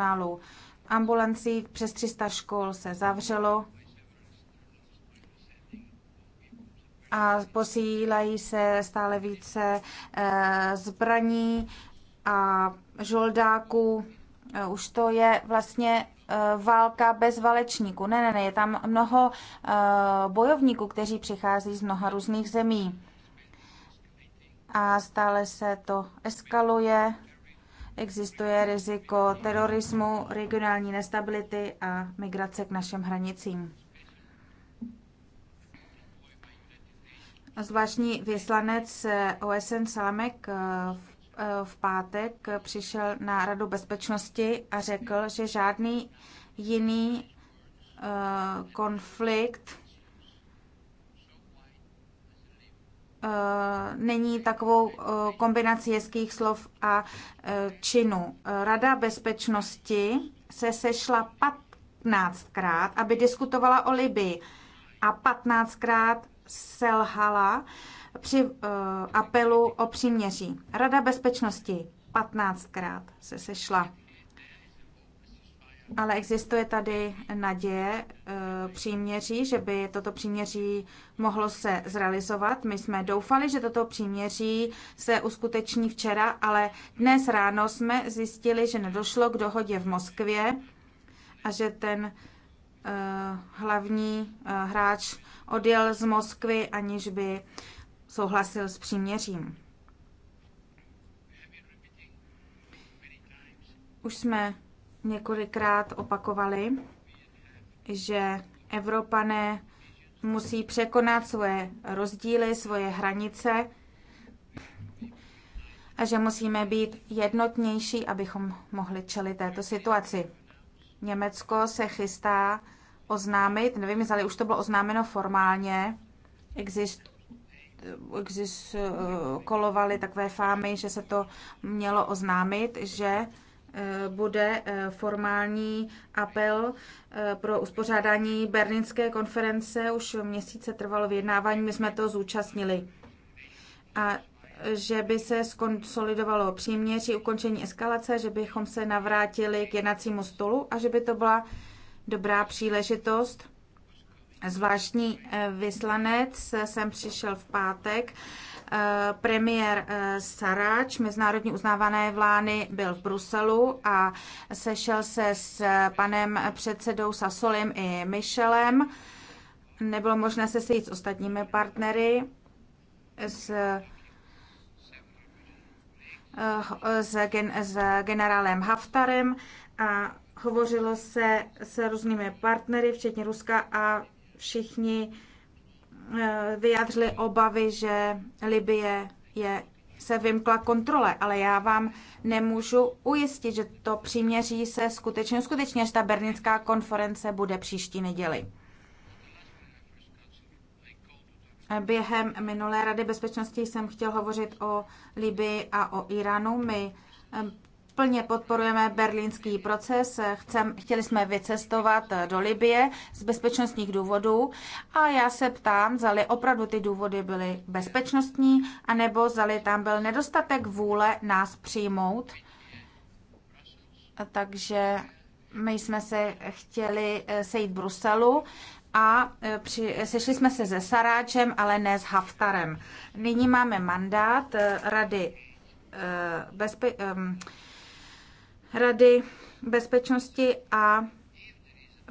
personálu. Ambulancí přes 300 škol se zavřelo a posílají se stále více eh, zbraní a žoldáků. Eh, už to je vlastně eh, válka bez valečníků. Ne, ne, ne, je tam mnoho bojovníků, kteří přichází z mnoha různých zemí. A stále se to eskaluje Existuje riziko terorismu, regionální nestability a migrace k našim hranicím. Zvláštní vyslanec OSN Salamek eh, eh, v pátek přišel na Radu bezpečnosti a řekl, že žádný jiný eh, konflikt Eh, není takovou eh, kombinací hezkých slov a eh, činu. Rada bezpečnosti se sešla 15krát, aby diskutovala o Libii a 15krát selhala při apelu o příměří. Rada bezpečnosti 15krát se sešla. Ale existuje tady naděje eh, příměří, že by toto příměří mohlo se zrealizovat. My jsme doufali, že toto příměří se uskuteční včera, ale dnes ráno jsme zjistili, že nedošlo k dohodě v Moskvě a že ten eh, hlavní eh, hráč odjel z Moskvy, aniž by souhlasil s příměřím. Už jsme několikrát opakovali, že Evropané musí překonat svoje rozdíly, svoje hranice a že musíme být jednotnější, abychom mohli čelit této situaci. Německo se chystá oznámit, nevím, jestli už to bylo oznámeno formálně, exist, exist, eh, kolovaly takové fámy, že se to mělo oznámit, že Eh, bude eh, formální apel eh, pro uspořádání Berlínské konference. Už měsíce trvalo vyjednávání, my jsme to zúčastnili. A že by se skonsolidovalo příměří, ukončení eskalace, že bychom se navrátili k jednacímu stolu a že by to byla dobrá příležitost. Zvláštní vyslanec jsem přišel v pátek Eh, premiér eh, Sarač, mezinárodně uznávané vlány, byl v Bruselu a sešel se s panem předsedou Sasolem i Michelem. Nebylo možné se sejít s ostatními partnery, s, s, eh, gen, s generálem Haftarem a hovořilo se s různými partnery, včetně Ruska a všichni Eh, vyjádřili obavy, že Libie je, se vymkla kontrole, ale já vám nemůžu ujistit, že to příměří se skutečně, skutečně, až ta bernická konference bude příští neděli. Během minulé Rady bezpečnosti jsem chtěl hovořit o Libii a o Iránu. My eh, Plně podporujeme berlínský proces. Chcem, chtěli jsme vycestovat do Libie z bezpečnostních důvodů a já se ptám, zali opravdu ty důvody byly bezpečnostní, anebo zali tam byl nedostatek vůle nás přijmout. Takže my jsme se chtěli eh, sejít v Bruselu a eh, při, sešli jsme se se Saráčem, ale ne s Haftarem. Nyní máme mandát eh, Rady bezpečnosti. Ehm, Rady bezpečnosti a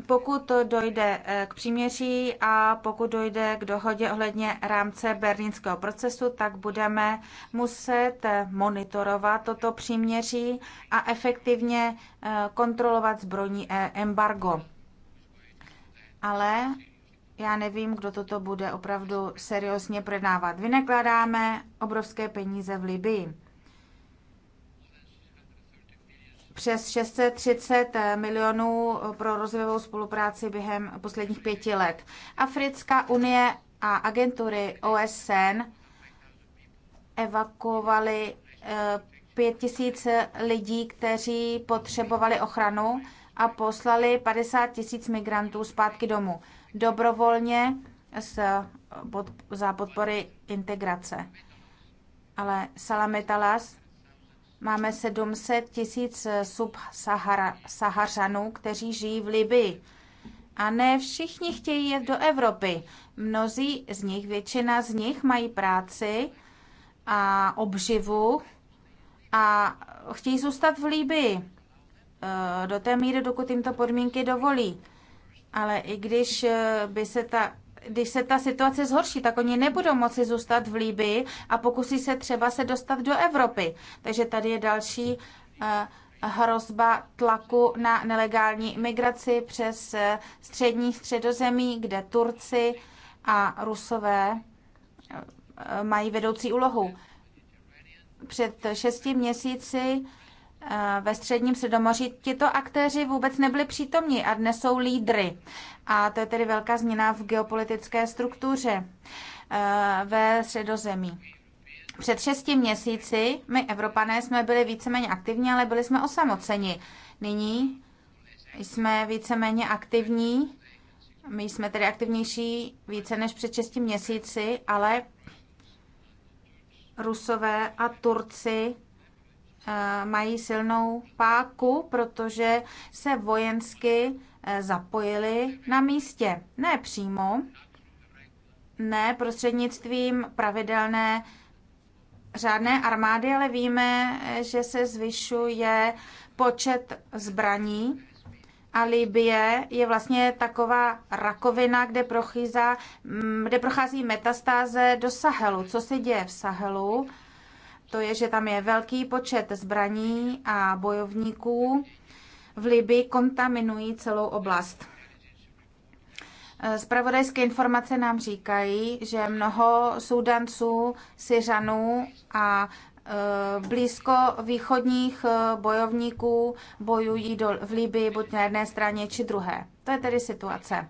pokud to dojde eh, k příměří a pokud dojde k dohodě ohledně rámce berlínského procesu, tak budeme muset monitorovat toto příměří a efektivně eh, kontrolovat zbrojní eh, embargo. Ale já nevím, kdo toto bude opravdu seriózně prodávat. Vynakládáme obrovské peníze v Libii. přes 630 eh, milionů pro rozvojovou spolupráci během posledních pěti let. Africká unie a agentury OSN evakuovaly 5000 eh, lidí, kteří potřebovali ochranu a poslali 50 tisíc migrantů zpátky domů dobrovolně s, eh, pod, za podpory integrace. Ale Salamitalas Máme 700 tisíc subsaharanů, kteří žijí v Libii. A ne všichni chtějí jet do Evropy. Mnozí z nich, většina z nich mají práci a obživu a chtějí zůstat v Libii eh, do té míry, dokud jim to podmínky dovolí. Ale i když eh, by se ta když se ta situace zhorší, tak oni nebudou moci zůstat v Líbii a pokusí se třeba se dostat do Evropy. Takže tady je další eh, hrozba tlaku na nelegální migraci přes eh, střední středozemí, kde Turci a Rusové eh, mají vedoucí úlohu. Před šesti měsíci Eh, ve středním Středomoří tito aktéři vůbec nebyli přítomní a dnes jsou lídry. A to je tedy velká změna v geopolitické struktuře eh, ve středozemí. Před šesti měsíci my, Evropané, jsme byli víceméně aktivní, ale byli jsme osamoceni. Nyní jsme víceméně aktivní, my jsme tedy aktivnější více než před šesti měsíci, ale Rusové a Turci mají silnou páku, protože se vojensky e, zapojili na místě. Ne přímo, ne prostřednictvím pravidelné řádné armády, ale víme, že se zvyšuje počet zbraní a Libie je vlastně taková rakovina, kde, prochýza, kde prochází metastáze do Sahelu. Co se děje v Sahelu? to je, že tam je velký počet zbraní a bojovníků v Libii kontaminují celou oblast. Spravodajské informace nám říkají, že mnoho Sudanců, Syřanů a e, blízko východních e, bojovníků bojují do, v Libii buď na jedné straně či druhé. To je tedy situace.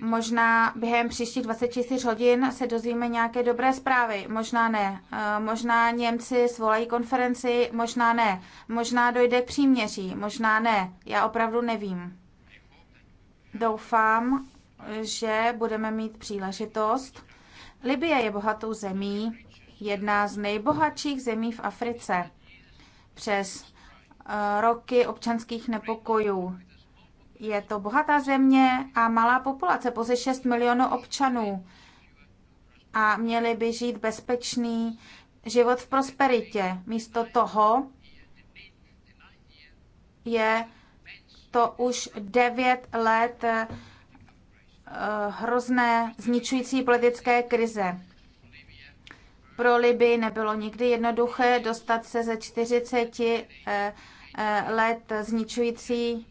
Možná během příštích 24 hodin se dozvíme nějaké dobré zprávy, možná ne. Eh, možná Němci svolají konferenci, možná ne. Možná dojde k příměří, možná ne. Já opravdu nevím. Doufám, že budeme mít příležitost. Libie je bohatou zemí, jedna z nejbohatších zemí v Africe. Přes eh, roky občanských nepokojů je to bohatá země a malá populace, pouze 6 milionů občanů. A měli by žít bezpečný život v prosperitě. Místo toho je to už 9 let eh, hrozné zničující politické krize. Pro Liby nebylo nikdy jednoduché dostat se ze 40 eh, eh, let zničující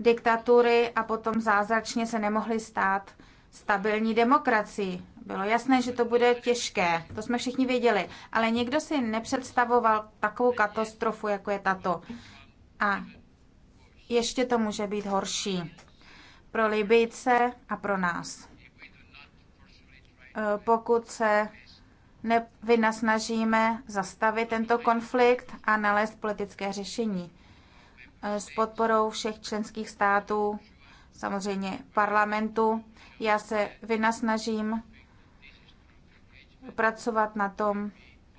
diktatury a potom zázračně se nemohly stát stabilní demokracii. Bylo jasné, že to bude těžké, to jsme všichni věděli, ale nikdo si nepředstavoval takovou katastrofu, jako je tato. A ještě to může být horší pro Libyjce a pro nás. E, pokud se nevynasnažíme zastavit tento konflikt a nalézt politické řešení. Eh, s podporou všech členských států, samozřejmě parlamentu. Já se vynasnažím pracovat na tom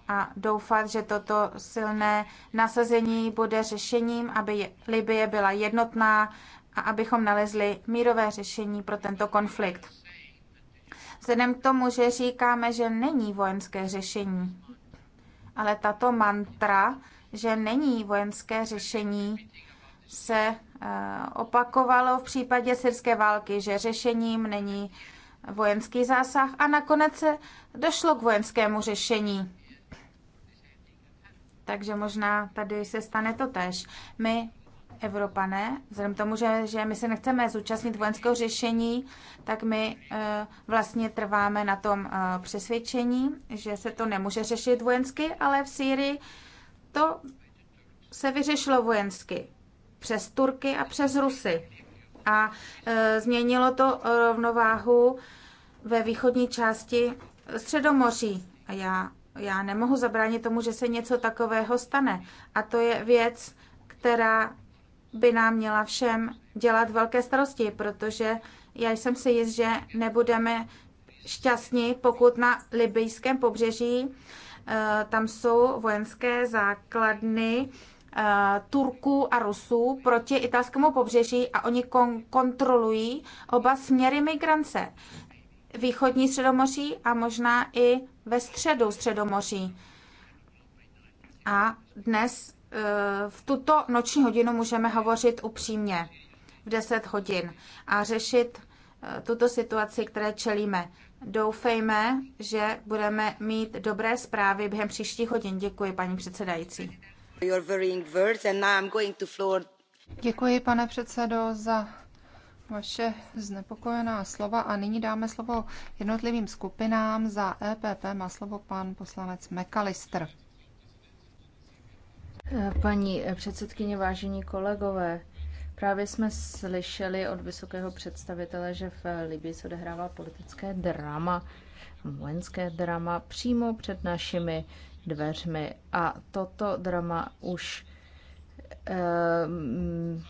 a doufat, že toto silné nasazení bude řešením, aby Libie byla jednotná a abychom nalezli mírové řešení pro tento konflikt. Vzhledem k tomu, že říkáme, že není vojenské řešení, ale tato mantra, že není vojenské řešení, se eh, opakovalo v případě syrské války, že řešením není vojenský zásah a nakonec se došlo k vojenskému řešení. Takže možná tady se stane to tež. My, Evropané, vzhledem tomu, že, že my se nechceme zúčastnit vojenského řešení, tak my e, vlastně trváme na tom e, přesvědčení, že se to nemůže řešit vojensky, ale v Sýrii to se vyřešilo vojensky přes Turky a přes Rusy. A e, změnilo to e, rovnováhu ve východní části Středomoří. A já, já nemohu zabránit tomu, že se něco takového stane. A to je věc, která by nám měla všem dělat velké starosti, protože já jsem si jist, že nebudeme šťastní, pokud na libyjském pobřeží e, tam jsou vojenské základny Eh, Turků a Rusů proti italskému pobřeží a oni kon- kontrolují oba směry migrance. Východní středomoří a možná i ve středu středomoří. A dnes eh, v tuto noční hodinu můžeme hovořit upřímně v 10 hodin a řešit eh, tuto situaci, které čelíme. Doufejme, že budeme mít dobré zprávy během příštích hodin. Děkuji, paní předsedající. Děkuji, pane předsedo, za vaše znepokojená slova a nyní dáme slovo jednotlivým skupinám. Za EPP má slovo pan poslanec McAllister. Paní předsedkyně, vážení kolegové, právě jsme slyšeli od vysokého představitele, že v Libii se odehrává politické drama, vojenské drama přímo před našimi dveřmi. A toto drama už um,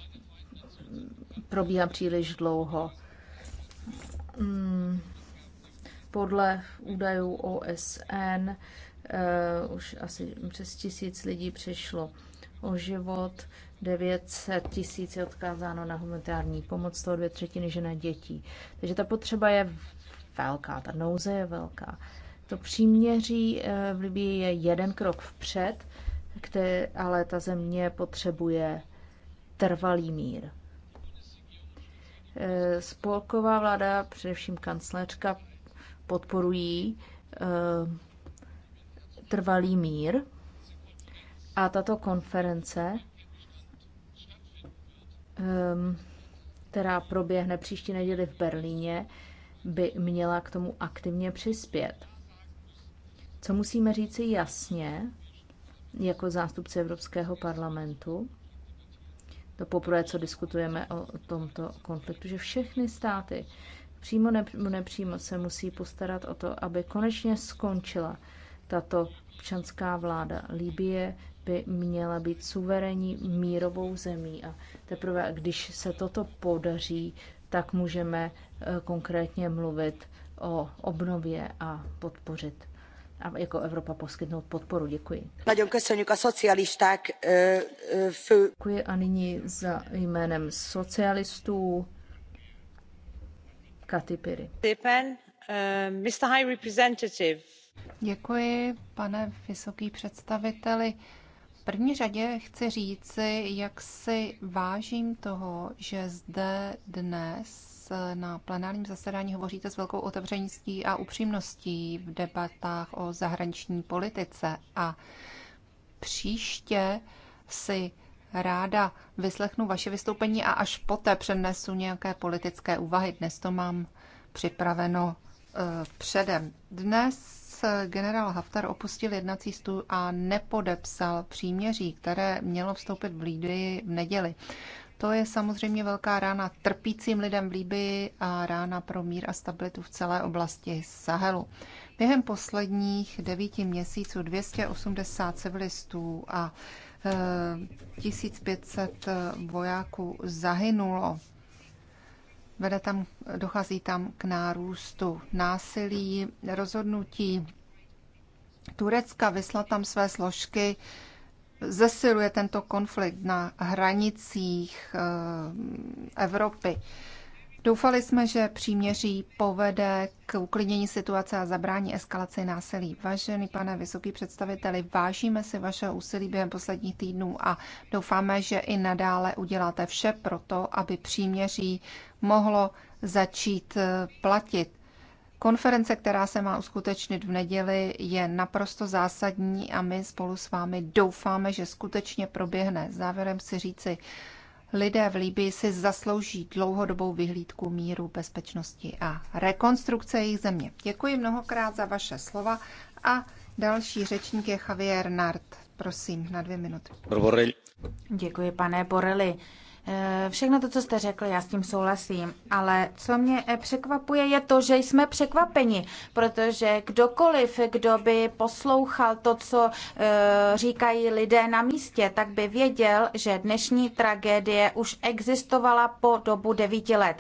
probíhá příliš dlouho. Hmm, podle údajů OSN uh, eh, už asi přes tisíc lidí přišlo o život, 900 tisíc je odkázáno na humanitární pomoc, toho dvě třetiny žené dětí. Takže ta potřeba je velká, ta nouze je velká. Uh, to příměří eh, v Libii je jeden krok vpřed, které, ale ta země potřebuje trvalý mír. Eh, spolková vláda, především kancléřka, podporují eh, trvalý mír a tato konference, ehm, která proběhne příští neděli v Berlíně, by měla k tomu aktivně přispět. Co musíme říci jasně, jako zástupci Evropského parlamentu, to poprvé, co diskutujeme o tomto konfliktu, že všechny státy přímo nebo nepřímo se musí postarat o to, aby konečně skončila tato občanská vláda Libie by měla být suverénní mírovou zemí a teprve když se toto podaří, tak můžeme eh, konkrétně mluvit o obnově a podpořit jako Evropa poskytnout podporu. Děkuji. Děkuji a nyní za jménem socialistů Katy Piri. Děkuji, pane vysoký představiteli. V první řadě chci říci, jak si vážím toho, že zde dnes na plenárním zasedání hovoříte s velkou otevřeností a upřímností v debatách o zahraniční politice a příště si ráda vyslechnu vaše vystoupení a až poté přednesu nějaké politické úvahy. Dnes to mám připraveno eh, předem. Dnes eh, generál Haftar opustil jednací stůl a nepodepsal příměří, které mělo vstoupit v Lídii v neděli. To je samozřejmě velká rána trpícím lidem v Líbii a rána pro mír a stabilitu v celé oblasti Sahelu. Během posledních devíti měsíců 280 civilistů a 1500 e, vojáků zahynulo. Vede tam, dochází tam k nárůstu násilí, rozhodnutí Turecka vyslat tam své složky zesiluje tento konflikt na hranicích eh, Evropy. Doufali jsme, že příměří povede k uklidnění situace a zabrání eskalaci násilí. Vážený pane vysoký představiteli, vážíme si vaše úsilí během posledních týdnů a doufáme, že i nadále uděláte vše pro to, aby příměří mohlo začít eh, platit. Konference, která se má uskutečnit v neděli, je naprosto zásadní a my spolu s vámi doufáme, že skutečně proběhne. Závěrem si říci, lidé v Líbii si zaslouží dlouhodobou vyhlídku míru, bezpečnosti a rekonstrukce jejich země. Děkuji mnohokrát za vaše slova a další řečník je Javier Nart. Prosím, na dvě minuty. Děkuji, pane Borelli. Eh, všechno to, co jste řekl, já s tím souhlasím, ale co mě eh, překvapuje, je to, že jsme překvapeni, protože kdokoliv, kdo by poslouchal to, co eh, říkají lidé na místě, tak by věděl, že dnešní tragédie už existovala po dobu devíti let.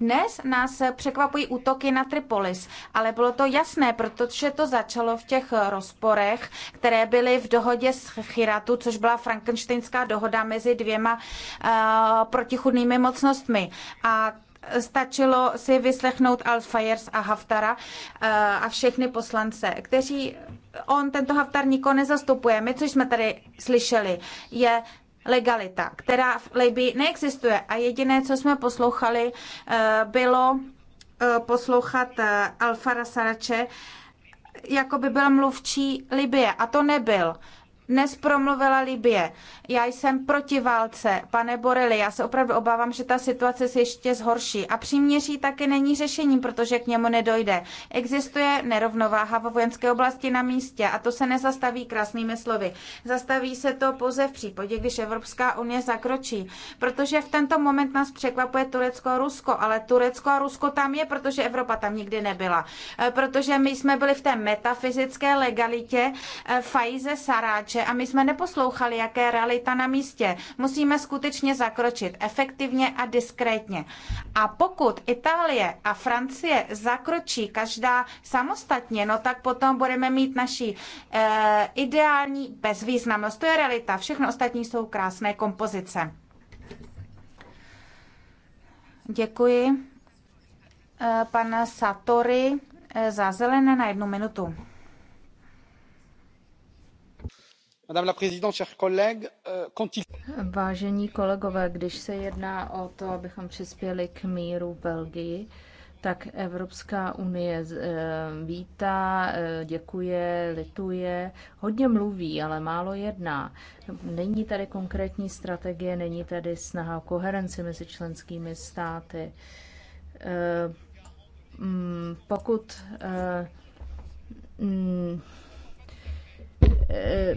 Dnes nás překvapují útoky na Tripolis, ale bylo to jasné, protože to začalo v těch rozporech, které byly v dohodě s Chiratu, což byla frankensteinská dohoda mezi dvěma uh, protichudnými mocnostmi. A stačilo si vyslechnout Al-Fayers a Haftara eh, a všechny poslance, kteří on tento Haftar nikoho nezastupuje. My, což jsme tady slyšeli, je legalita, která v Libii neexistuje. A jediné, co jsme poslouchali, eh, bylo eh, poslouchat eh, Alfara Sarače, jako by byl mluvčí Libie. A to nebyl. Dnes promluvila Libie. Já jsem proti válce, pane Borely. Já se opravdu obávám, že ta situace se ještě zhorší. A příměří také není řešením, protože k němu nedojde. Existuje nerovnováha ve vojenské oblasti na místě a to se nezastaví krásnými slovy. Zastaví se to pouze v případě, když Evropská unie zakročí. Protože v tento moment nás překvapuje Turecko a Rusko, ale Turecko a Rusko tam je, protože Evropa tam nikdy nebyla. Eh, protože my jsme byli v té metafyzické legalitě eh, Fajze Saráče, týče a my jsme neposlouchali, jaké je realita na místě. Musíme skutečně zakročit efektivně a diskrétně. A pokud Itálie a Francie zakročí každá samostatně, no tak potom budeme mít naší e, eh, ideální bezvýznamnost. To je realita. Všechno ostatní jsou krásné kompozice. Děkuji. Eh, pan Satori eh, za zelené na jednu minutu. Euh, Vážení kolegové, když se jedná o to, abychom přispěli k míru v Belgii, tak Evropská unie eh, vítá, eh, děkuje, lituje, hodně mluví, ale málo jedná. Není tady konkrétní strategie, není tady snaha o koherenci mezi členskými státy. Eh, mm, pokud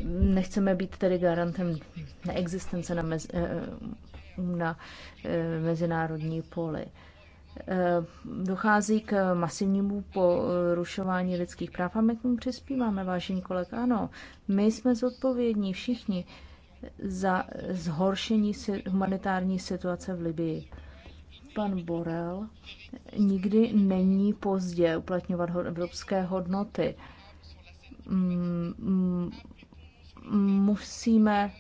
nechceme být tedy garantem neexistence na, mez, eh, na eh, mezinárodní poli. Eh, dochází k masivnímu porušování lidských práv a my k tomu přispíváme, vážení koleg. Ano, my jsme zodpovědní všichni za zhoršení humanitární situace v Libii. Pan Borel, nikdy není pozdě uplatňovat evropské hodnoty mm, mm, musíme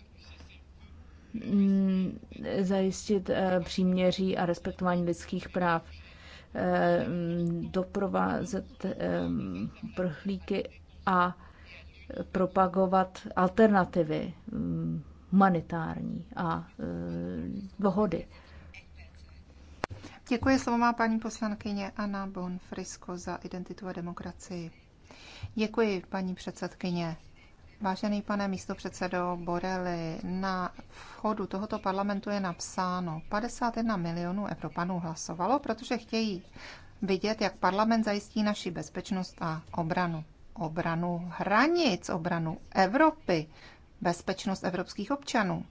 mm, zajistit eh, příměří a respektování lidských práv, eh, doprovázet eh, prchlíky a propagovat alternativy mm, humanitární a dohody. Děkuji, slovo má paní poslankyně Anna Bonfrisko za identitu a demokracii. Děkuji, paní předsedkyně. Vážený pane místopředsedo Borely, na vchodu tohoto parlamentu je napsáno 51 milionů Evropanů hlasovalo, protože chtějí vidět, jak parlament zajistí naši bezpečnost a obranu. Obranu hranic, obranu Evropy, bezpečnost evropských občanů.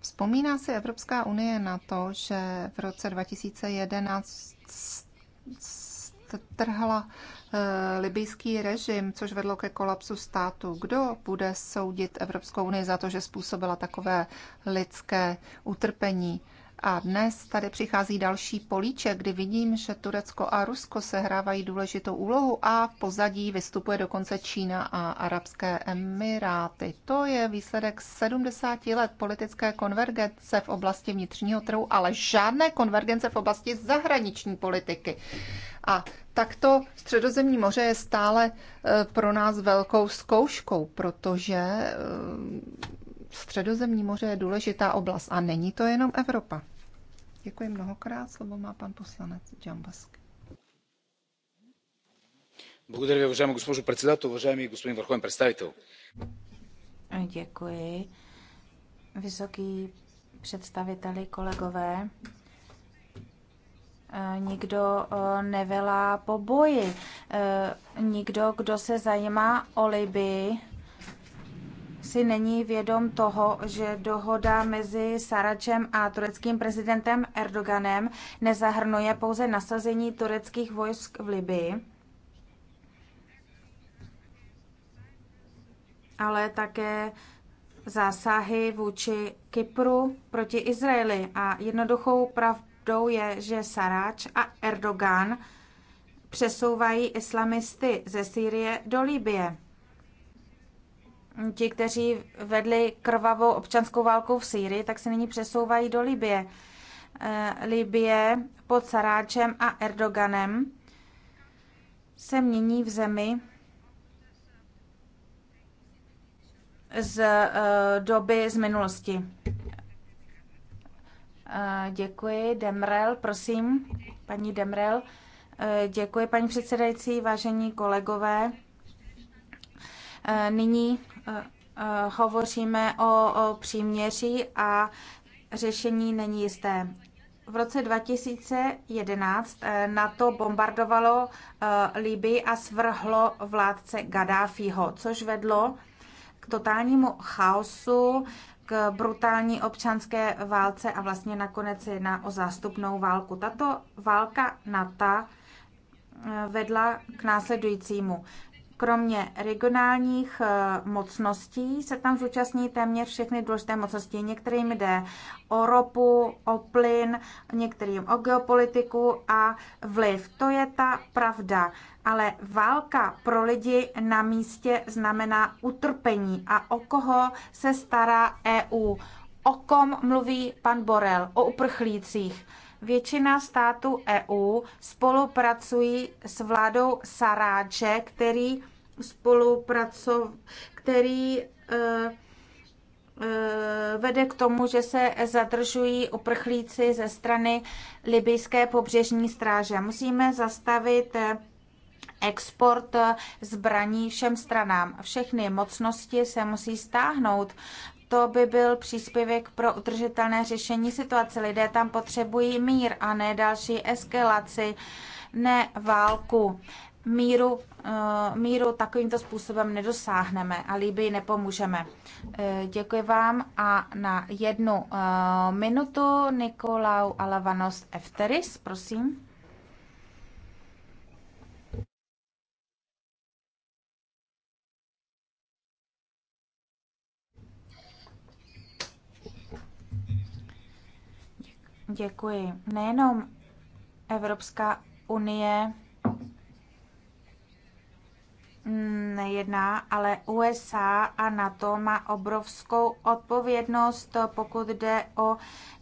Vzpomíná si Evropská unie na to, že v roce 2011 trhla Eh, libýský režim, což vedlo ke kolapsu státu. Kdo bude soudit Evropskou unii za to, že způsobila takové lidské utrpení? A dnes tady přichází další políček, kdy vidím, že Turecko a Rusko sehrávají důležitou úlohu a v pozadí vystupuje dokonce Čína a Arabské Emiráty. To je výsledek 70 let politické konvergence v oblasti vnitřního trhu, ale žádné konvergence v oblasti zahraniční politiky. A takto Středozemní moře je stále eh, pro nás velkou zkouškou, protože eh, středozemní moře je důležitá oblast a není to jenom Evropa. Děkuji mnohokrát. Slovo má pan poslanec Džambask. Благодаря ви, уважаема госпожо председател, уважаеми господин върховен представител. Děkuji. Vysoký představiteli, kolegové, eh, nikdo eh, nevelá po boji. Eh, nikdo, kdo se zajímá o Libii, si není vědom toho, že dohoda mezi Saračem a tureckým prezidentem Erdoganem nezahrnuje pouze nasazení tureckých vojsk v Libii, ale také zásahy vůči Kypru proti Izraeli. A jednoduchou pravdou je, že Saráč a Erdogan přesouvají islamisty ze Sýrie do Libie ti, kteří vedli krvavou občanskou válku v Sýrii, tak se nyní přesouvají do Libie. Eh, Libie pod Saráčem a Erdoganem se mění v zemi z eh, doby z minulosti. Eh, děkuji, Demrel, prosím, paní Demrel. Děkuji, paní předsedající, vážení kolegové. Nyní Eh, eh, hovoříme o, o příměří a řešení není jisté. V roce 2011 eh, NATO bombardovalo Libii a svrhlo vládce Gaddafiho, což vedlo k totálnímu chaosu, k brutální občanské válce a vlastně nakonec se jedná o zástupnou válku. Tato válka NATO vedla k následujícímu. Kromě regionálních eh, mocností se tam zúčastní téměř všechny důležité mocnosti. Některým jde o ropu, o plyn, některým o geopolitiku a vliv. To je ta pravda. Ale válka pro lidi na místě znamená utrpení. A o koho se stará EU? O kom mluví pan Borel? O uprchlících Většina států EU spolupracují s vládou Saráče, který spolupracov, který eh, eh, vede k tomu, že se zadržují uprchlíci ze strany libyjské pobřežní stráže. Musíme zastavit eh, export zbraní všem stranám. Všechny mocnosti se musí stáhnout to by byl příspěvek pro udržitelné řešení situace. Lidé tam potřebují mír a ne další eskalaci, ne válku. Míru, eh, míru takovýmto způsobem nedosáhneme a líbí nepomůžeme. Eh, děkuji vám a na jednu eh, minutu Nikolau Alavanos Efteris, prosím. Děkuji. Nejenom Evropská unie nejedná, ale USA a NATO má obrovskou odpovědnost, pokud jde o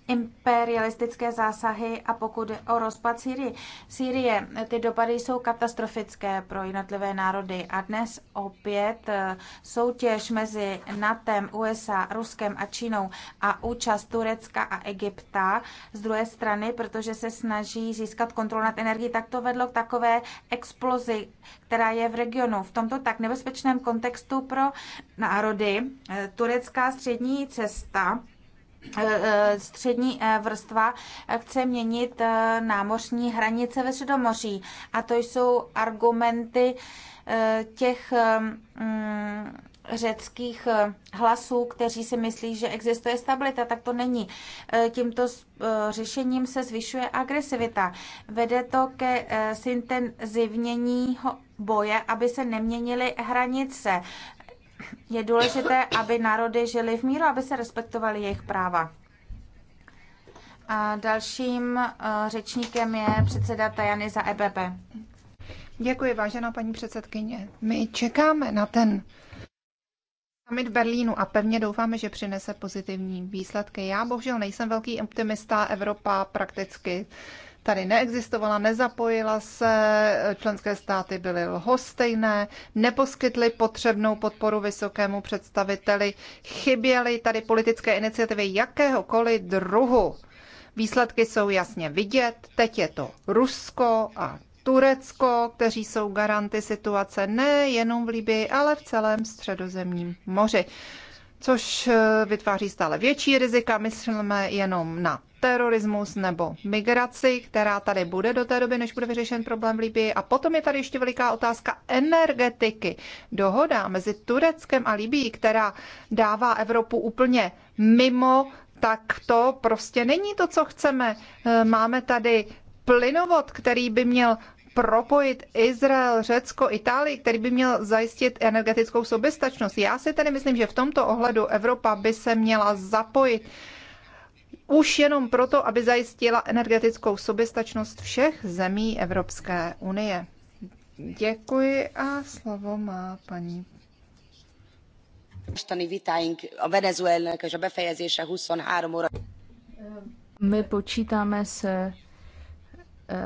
imperialistické zásahy a pokud o rozpad Syrii. Sýrie, ty dopady jsou katastrofické pro jednotlivé národy a dnes opět eh, soutěž mezi NATEM, USA, Ruskem a Čínou a účast Turecka a Egypta z druhé strany, protože se snaží získat kontrolu nad energií, tak to vedlo k takové explozi, která je v regionu. V tomto tak nebezpečném kontextu pro národy eh, turecká střední cesta Eh, eh, střední eh, vrstva chce měnit námořní hranice ve Středomoří. A to jsou argumenty těch mm, řeckých hlasů, kteří si myslí, že existuje stabilita, tak to není. Tímto řešením se zvyšuje agresivita. Vede to ke syntenzivnění boje, aby se neměnily hranice je důležité, aby národy žili v míru, aby se respektovaly jejich práva. A dalším eh, řečníkem je předseda Tajany za EBB. Děkuji, vážená paní předsedkyně. My čekáme na ten summit Berlínu a pevně doufáme, že přinese pozitivní výsledky. Já bohužel nejsem velký optimista, Evropa prakticky tady neexistovala, nezapojila se, členské státy byly lhostejné, neposkytly potřebnou podporu vysokému představiteli, chyběly tady politické iniciativy jakéhokoliv druhu. Výsledky jsou jasně vidět, teď je to Rusko a Turecko, kteří jsou garanty situace nejenom v Libii, ale v celém středozemním moři což eh, vytváří stále větší rizika. Myslíme jenom na terorismus nebo migraci, která tady bude do té doby, než bude vyřešen problém v Libii. A potom je tady ještě veliká otázka energetiky. Dohoda mezi Tureckem a Libií, která dává Evropu úplně mimo, tak to prostě není to, co chceme. Eh, máme tady plynovod, který by měl propojit Izrael, Řecko, Itálii, který by měl zajistit energetickou soběstačnost. Já si tedy myslím, že v tomto ohledu Evropa by se měla zapojit už jenom proto, aby zajistila energetickou soběstačnost všech zemí Evropské unie. Děkuji a slovo má paní. My počítáme se eh,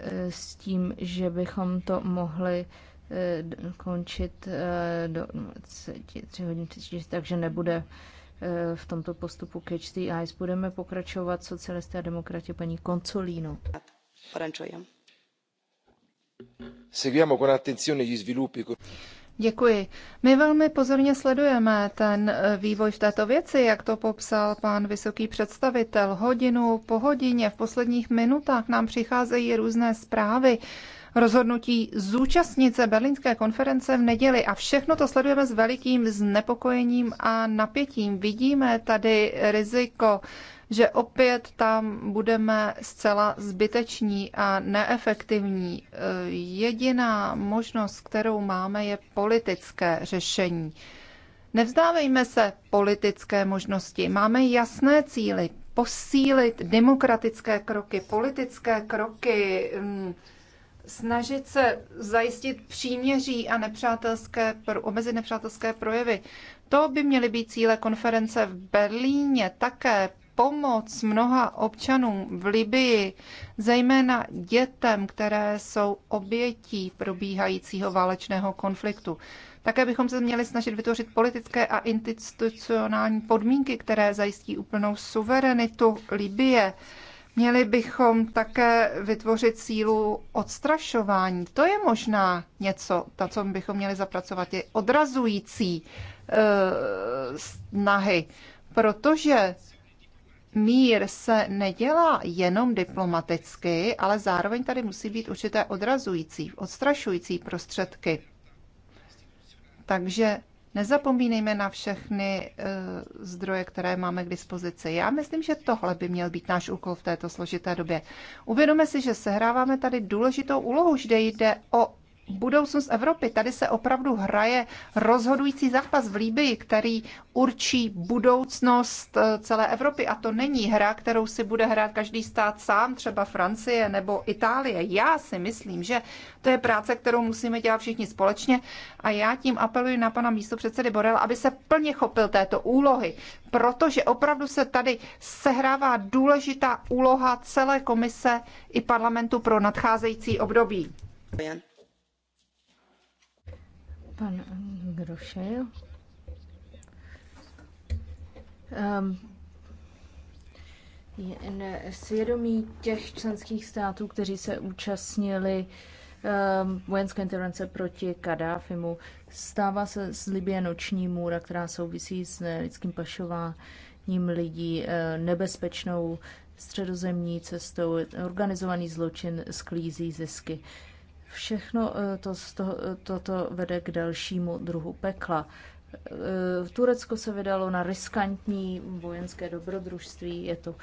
eh, s tím, že bychom to mohli eh, končit do 23 hodin, takže nebude Eh, v tomto postupu Catch the Ice. Budeme pokračovat socialisté a demokrati paní Consolino. Seguiamo con attenzione gli sviluppi. Děkuji. My velmi pozorně sledujeme ten eh, vývoj v této věci, jak to popsal pan vysoký představitel. Hodinu po hodině v posledních minutách nám přicházejí různé zprávy rozhodnutí zúčastnit se berlínské konference v neděli a všechno to sledujeme s velikým znepokojením a napětím. Vidíme tady riziko, že opět tam budeme zcela zbyteční a neefektivní. Jediná možnost, kterou máme, je politické řešení. Nevzdávejme se politické možnosti. Máme jasné cíly posílit demokratické kroky, politické kroky, mm, snažit se zajistit příměří a nepřátelské, omezit nepřátelské projevy. To by měly být cíle konference v Berlíně také pomoc mnoha občanům v Libii, zejména dětem, které jsou obětí probíhajícího válečného konfliktu. Také bychom se měli snažit vytvořit politické a institucionální podmínky, které zajistí úplnou suverenitu Libie Měli bychom také vytvořit sílu odstrašování. To je možná něco, na co bychom měli zapracovat, je odrazující e, snahy, protože mír se nedělá jenom diplomaticky, ale zároveň tady musí být určité odrazující, odstrašující prostředky. Takže Nezapomínejme na všechny eh, zdroje, které máme k dispozici. Já myslím, že tohle by měl být náš úkol v této složité době. Uvědomme si, že sehráváme tady důležitou úlohu, že jde o budoucnost Evropy. Tady se opravdu hraje rozhodující zápas v Líbii, který určí budoucnost eh, celé Evropy. A to není hra, kterou si bude hrát každý stát sám, třeba Francie nebo Itálie. Já si myslím, že to je práce, kterou musíme dělat všichni společně. A já tím apeluji na pana předsedy Borela, aby se plně chopil této úlohy, protože opravdu se tady sehrává důležitá úloha celé komise i parlamentu pro nadcházející období. Yeah pan eh, Grošel. Um, svědomí těch členských států, kteří se účastnili um, vojenské intervence proti Kadáfimu, stává se z Libie noční můra, která souvisí s lidským pašováním lidí, eh, nebezpečnou středozemní cestou, organizovaný zločin sklízí zisky. Všechno eh, to, to, eh, toto vede k dalšímu druhu pekla. V eh, Turecko se vydalo na riskantní vojenské dobrodružství. Je to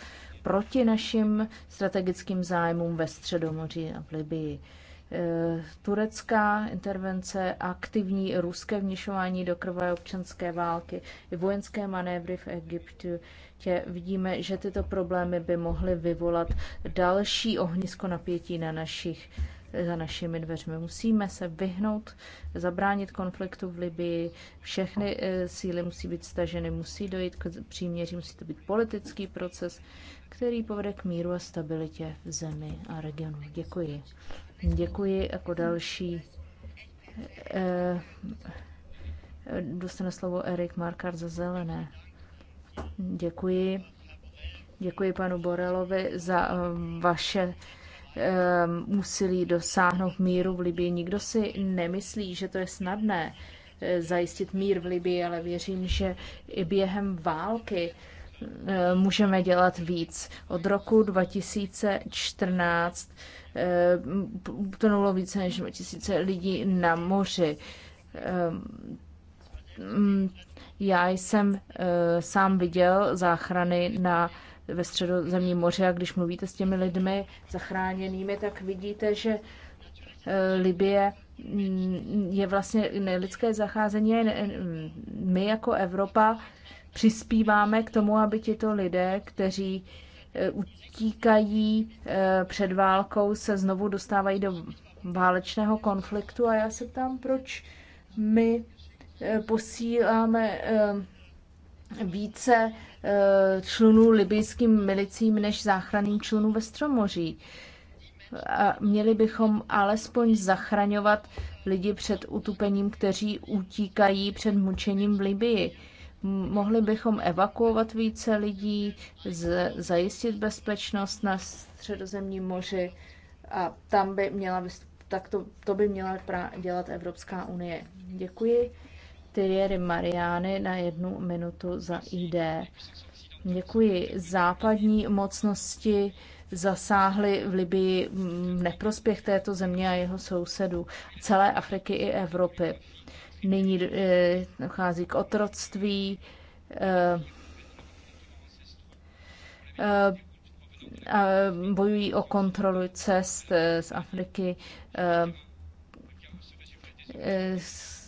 proti našim strategickým zájmům ve Středomoří a v Libii. Turecká intervence, aktivní ruské vněšování do krvé občanské války, vojenské manévry v Egyptu, tě vidíme, že tyto problémy by mohly vyvolat další ohnisko napětí na našich za našimi dveřmi. Musíme se vyhnout, zabránit konfliktu v Libii, všechny eh, síly musí být staženy, musí dojít k příměří, musí to být politický proces, který povede k míru a stabilitě v zemi a regionu. Děkuji. Děkuji jako další. Eh, dostane slovo Erik Markar za zelené. Děkuji. Děkuji panu Borelovi za eh, vaše úsilí ehm, dosáhnout míru v Libii. Nikdo si nemyslí, že to je snadné eh, zajistit mír v Libii, ale věřím, že i během války eh, můžeme dělat víc. Od roku 2014 utonulo eh, více než 2000 lidí na moři. Ehm, mm, já jsem sám viděl záchrany na ve středozemním moře a když mluvíte s těmi lidmi zachráněnými, tak vidíte, že eh, Libie mm, je vlastně nelidské zacházení. Eh, mm, my jako Evropa přispíváme k tomu, aby tito lidé, kteří eh, utíkají před válkou, se znovu dostávají do válečného konfliktu a já se tam, proč my posíláme více Eh, člunů libijským milicím než záchranných člunů ve Stromoří. A měli bychom alespoň zachraňovat lidi před utupením, kteří utíkají před mučením v Libii. Mohli bychom evakuovat více lidí, zajistit bezpečnost na středozemním moři a tam by měla tak to, to by měla dělat Evropská unie. Děkuji. Thierry Mariány na jednu minutu za ID. Děkuji. Západní mocnosti zasáhly v Libii v neprospěch této země a jeho sousedů, celé Afriky i Evropy. Nyní eh, dochází k otroctví, eh, eh, bojují o kontrolu cest z Afriky, s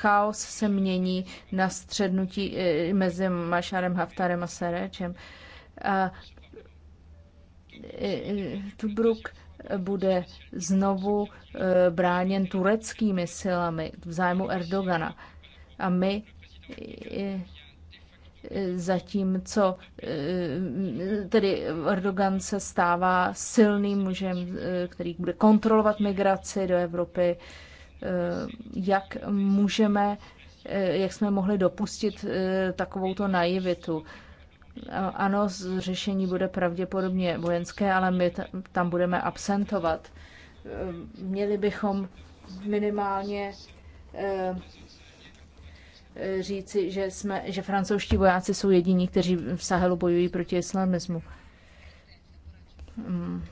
chaos se mění na střednutí eh, mezi Mašarem, Haftarem a Serečem. A eh, eh, Tubruk bude znovu bráněn tureckými silami v zájmu Erdogana. A my zatímco tedy Erdogan se stává silným mužem, který bude kontrolovat migraci do Evropy, Eh, jak můžeme, eh, jak jsme mohli dopustit eh, takovouto naivitu. Ano, řešení bude pravděpodobně vojenské, ale my tam budeme absentovat. Měli bychom minimálně říci, že, jsme, že francouzští vojáci jsou jediní, kteří v Sahelu bojují proti islamismu. Hmm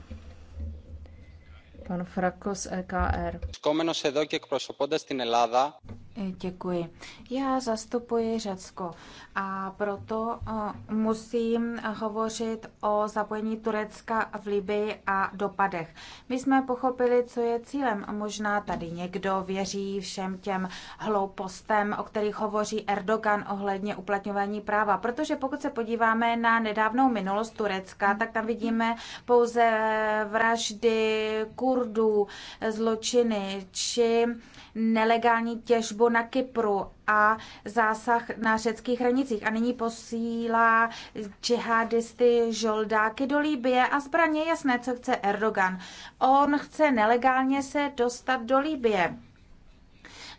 pan Frako z EKR. Eh, děkuji. Já zastupuji Řecko a proto eh, musím hovořit o zapojení Turecka v Libii a dopadech. My jsme pochopili, co je cílem. Možná tady někdo věří všem těm hloupostem, o kterých hovoří Erdogan ohledně uplatňování práva. Protože pokud se podíváme na nedávnou minulost Turecka, tak tam vidíme pouze vraždy Kurdů, zločiny či nelegální těžbu na Kypru a zásah na řeckých hranicích. A nyní posílá džihadisty žoldáky do Líbie a zbraně jasné, co chce Erdogan. On chce nelegálně se dostat do Líbie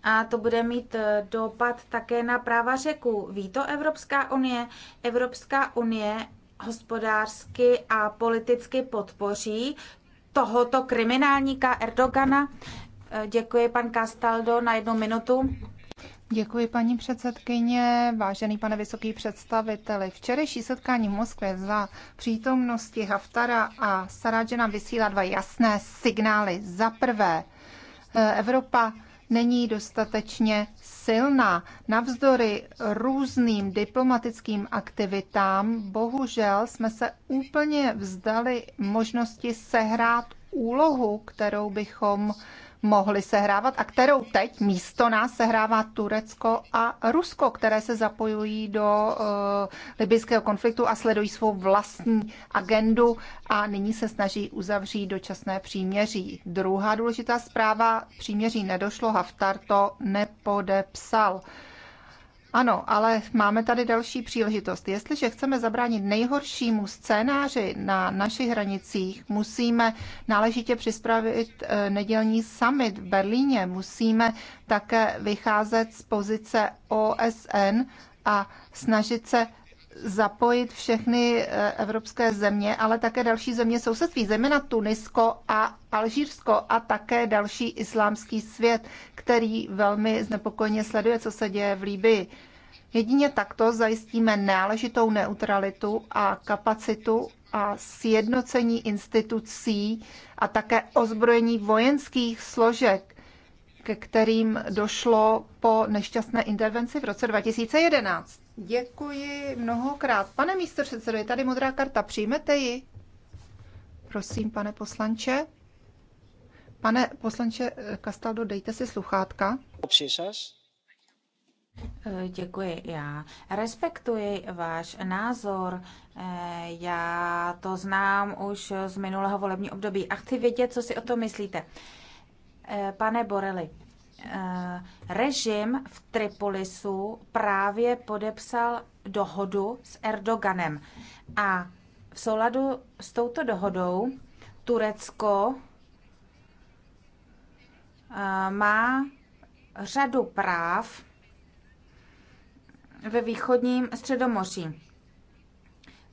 a to bude mít eh, dopad také na práva řeku. Ví to Evropská unie? Evropská unie hospodářsky a politicky podpoří tohoto kriminálníka Erdogana. Děkuji, pan Castaldo, na jednu minutu. Děkuji, paní předsedkyně. Vážený pane vysoký představiteli, včerejší setkání v Moskvě za přítomnosti Haftara a Sarajena vysílá dva jasné signály. Za prvé, Evropa není dostatečně silná. Navzdory různým diplomatickým aktivitám, bohužel jsme se úplně vzdali možnosti sehrát úlohu, kterou bychom mohly sehrávat a kterou teď místo nás sehrává Turecko a Rusko, které se zapojují do uh, eh, libyského konfliktu a sledují svou vlastní agendu a nyní se snaží uzavřít dočasné příměří. Druhá důležitá zpráva, příměří nedošlo, Haftar to nepodepsal. Uh, ano, ale máme tady další příležitost. Jestliže chceme zabránit nejhoršímu scénáři na našich hranicích, musíme náležitě připravit eh, nedělní summit v Berlíně, musíme také vycházet z pozice OSN a snažit se zapojit všechny eh, evropské země, ale také další země sousedství, zejména Tunisko a Alžírsko a také další islámský svět, který velmi znepokojně sleduje, co se děje v Líbii. Jedině takto zajistíme náležitou neutralitu a kapacitu a sjednocení institucí a také ozbrojení vojenských složek, ke kterým došlo po nešťastné intervenci v roce 2011. Děkuji mnohokrát. Pane předsedo, je tady modrá karta, přijmete ji? Prosím, pane poslanče. Pane poslanče eh, Castaldo, dejte si sluchátka. Eh, děkuji. Já respektuji váš názor. Eh, já to znám už z minulého volební období a chci vědět, co si o tom myslíte. Pane Borely, Eh, režim v Tripolisu právě podepsal dohodu s Erdoganem. A v souladu s touto dohodou Turecko eh, má řadu práv ve východním středomoří.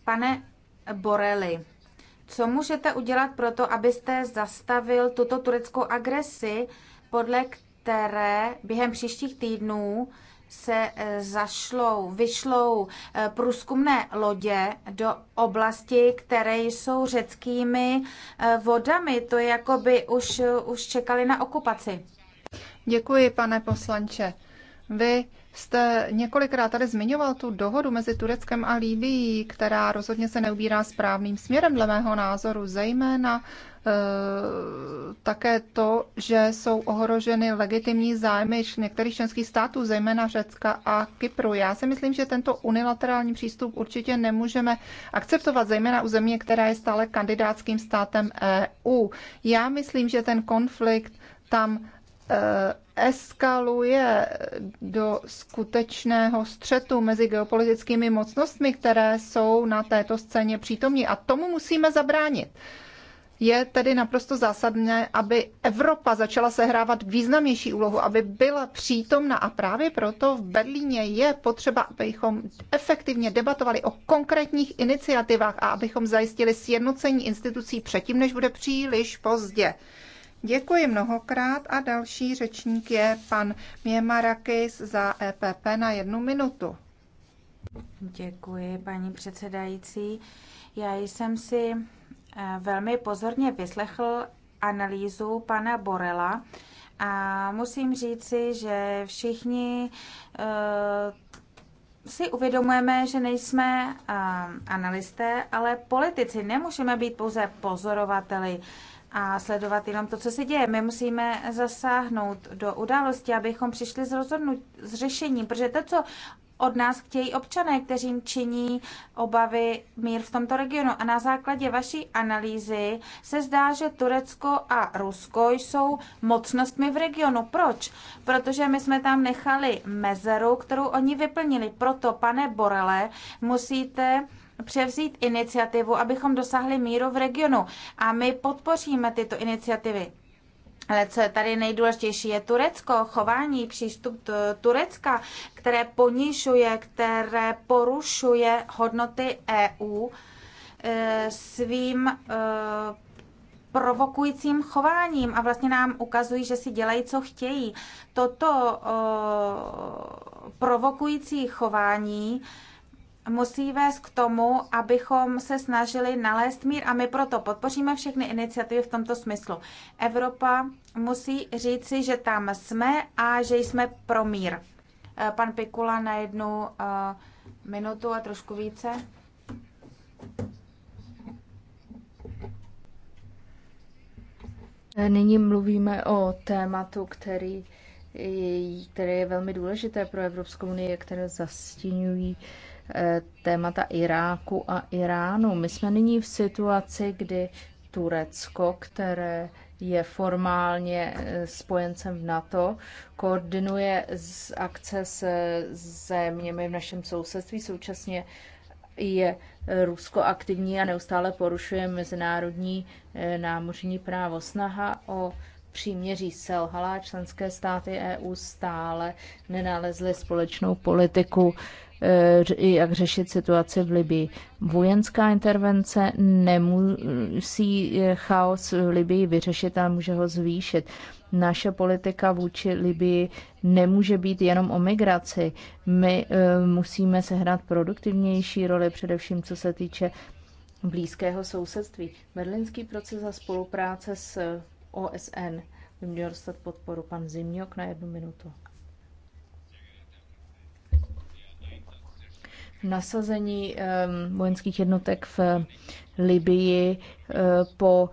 Pane Borelli, co můžete udělat pro to, abyste zastavil tuto tureckou agresi, podle které během příštích týdnů se e, zašlou, vyšlou e, průzkumné lodě do oblasti, které jsou řeckými e, vodami. To je jako by už, už čekali na okupaci. Děkuji, pane poslanče. Vy jste několikrát tady zmiňoval tu dohodu mezi Tureckem a Líbií, která rozhodně se neubírá správným směrem, dle mého názoru, zejména e, také to, že jsou ohroženy legitimní zájmy některých členských států, zejména Řecka a Kypru. Já si myslím, že tento unilaterální přístup určitě nemůžeme akceptovat, zejména u země, která je stále kandidátským státem EU. Já myslím, že ten konflikt tam Eh, eskaluje do skutečného střetu mezi geopolitickými mocnostmi, které jsou na této scéně přítomní. A tomu musíme zabránit. Je tedy naprosto zásadné, aby Evropa začala sehrávat významnější úlohu, aby byla přítomna a právě proto v Berlíně je potřeba, abychom efektivně debatovali o konkrétních iniciativách a abychom zajistili sjednocení institucí předtím, než bude příliš pozdě. Děkuji mnohokrát a další řečník je pan Měmarakis za EPP na jednu minutu. Děkuji, paní předsedající. Já jsem si eh, velmi pozorně vyslechl analýzu pana Borela a musím říci, že všichni eh, si uvědomujeme, že nejsme eh, analisté, ale politici. Nemůžeme být pouze pozorovateli a sledovat jenom to, co se děje. My musíme zasáhnout do události, abychom přišli s, rozhodnut, s řešením, protože to, co od nás chtějí občané, kteřím činí obavy mír v tomto regionu. A na základě vaší analýzy se zdá, že Turecko a Rusko jsou mocnostmi v regionu. Proč? Protože my jsme tam nechali mezeru, kterou oni vyplnili. Proto, pane Borele, musíte převzít iniciativu, abychom dosáhli míru v regionu. A my podpoříme tyto iniciativy. Ale co je tady nejdůležitější, je Turecko, chování, přístup Turecka, které ponižuje, které porušuje hodnoty EU eh, svým eh, provokujícím chováním a vlastně nám ukazují, že si dělají, co chtějí. Toto eh, provokující chování musí vést k tomu, abychom se snažili nalézt mír a my proto podpoříme všechny iniciativy v tomto smyslu. Evropa musí říci, že tam jsme a že jsme pro mír. Eh, pan Pikula na jednu eh, minutu a trošku více. Eh, nyní mluvíme o tématu, který, které je velmi důležité pro Evropskou unii, které zastínují uh, Eh, témata Iráku a Iránu. My jsme nyní v situaci, kdy Turecko, které je formálně eh, spojencem v NATO, koordinuje z akce s zeměmi v našem sousedství. Současně je Rusko aktivní a neustále porušuje mezinárodní eh, námořní právo. Snaha o příměří selhala, členské státy EU stále nenalezly společnou politiku E, jak řešit situaci v Libii. Vojenská intervence nemusí e, chaos v Libii vyřešit, ale může ho zvýšit. Naše politika vůči Libii nemůže být jenom o migraci. My e, musíme sehrát produktivnější roli, především co se týče blízkého sousedství. Berlínský proces a spolupráce s OSN by měl dostat podporu. Pan Zimňok na jednu minutu. nasazení vojenských jednotek v eh, Libii eh, po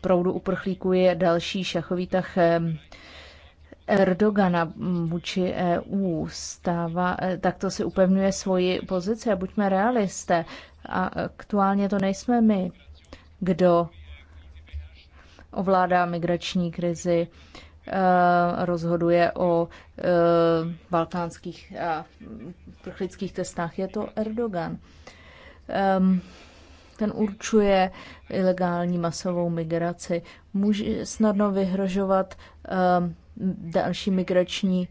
proudu uprchlíků je další šachový tah Erdogana vůči EU stává, eh, tak to si upevňuje svoji pozici a buďme realisté. A aktuálně to nejsme my, kdo ovládá migrační krizi. Eh, rozhoduje o eh, balkánských a prchlických testách. Je to Erdogan. Ten určuje ilegální masovou migraci. Může snadno vyhrožovat další migrační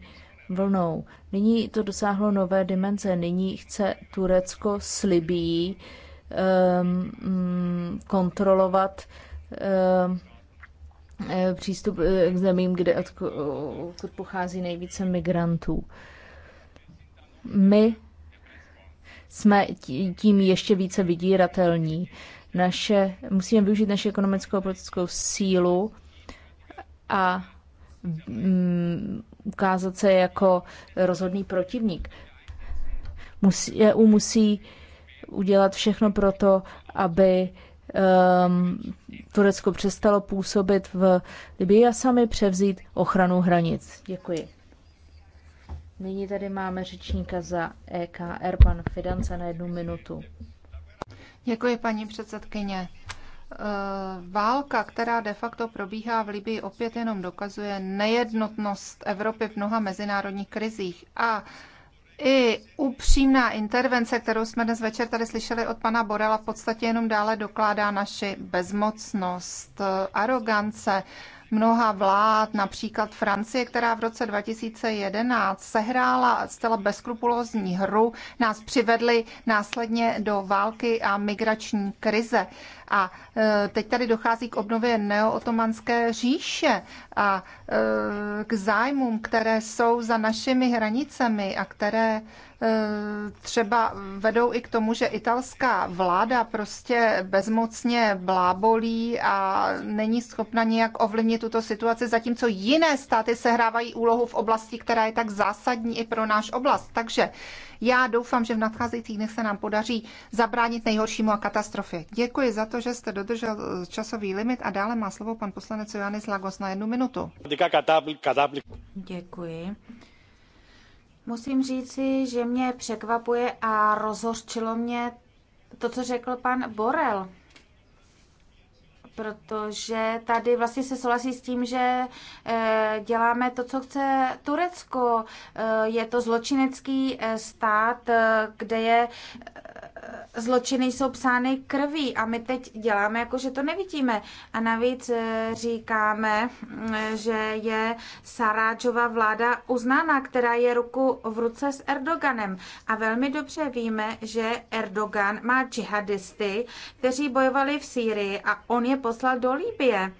vlnou. Nyní to dosáhlo nové dimenze. Nyní chce Turecko s Libií um, mm, kontrolovat um, Eh, přístup eh, k zemím, kde odkud pochází nejvíce migrantů. My jsme tím ještě více vydíratelní. Naše, musíme využít naši ekonomickou a politickou sílu a mm, ukázat se jako rozhodný protivník. Musí, EU musí udělat všechno pro to, aby um, Turecko přestalo působit v Libii a sami převzít ochranu hranic. Děkuji. Nyní tady máme řečníka za EKR, pan Fidance, na jednu minutu. Děkuji, paní předsedkyně. Ehm, válka, která de facto probíhá v Libii, opět jenom dokazuje nejednotnost Evropy v mnoha mezinárodních krizích a i upřímná intervence, kterou jsme dnes večer tady slyšeli od pana Borela, v podstatě jenom dále dokládá naši bezmocnost, arogance mnoha vlád, například Francie, která v roce 2011 sehrála zcela bezkrupulózní hru, nás přivedly následně do války a migrační krize. A e, teď tady dochází k obnově neootomanské říše a e, k zájmům, které jsou za našimi hranicemi a které E, třeba vedou i k tomu, že italská vláda prostě bezmocně blábolí a není schopna nějak ovlivnit tuto situaci, zatímco jiné státy sehrávají úlohu v oblasti, která je tak zásadní i pro náš oblast. Takže já doufám, že v nadcházejících dnech se nám podaří zabránit nejhoršímu a katastrofě. Děkuji za to, že jste dodržel časový limit a dále má slovo pan poslanec Joannis Lagos na jednu minutu. Děkuji. Musím říci, že mě překvapuje a rozhořčilo mě to, co řekl pan Borel, protože tady vlastně se souhlasí s tím, že eh, děláme to, co chce Turecko. Eh, je to zločinecký eh, stát, kde je zločiny jsou psány krví a my teď děláme jako, že to nevidíme. A navíc eh, říkáme, mm, že je Saráčová vláda uznána, která je ruku v ruce s Erdoganem. A velmi dobře víme, že Erdogan má džihadisty, kteří bojovali v Sýrii a on je poslal do Líbie.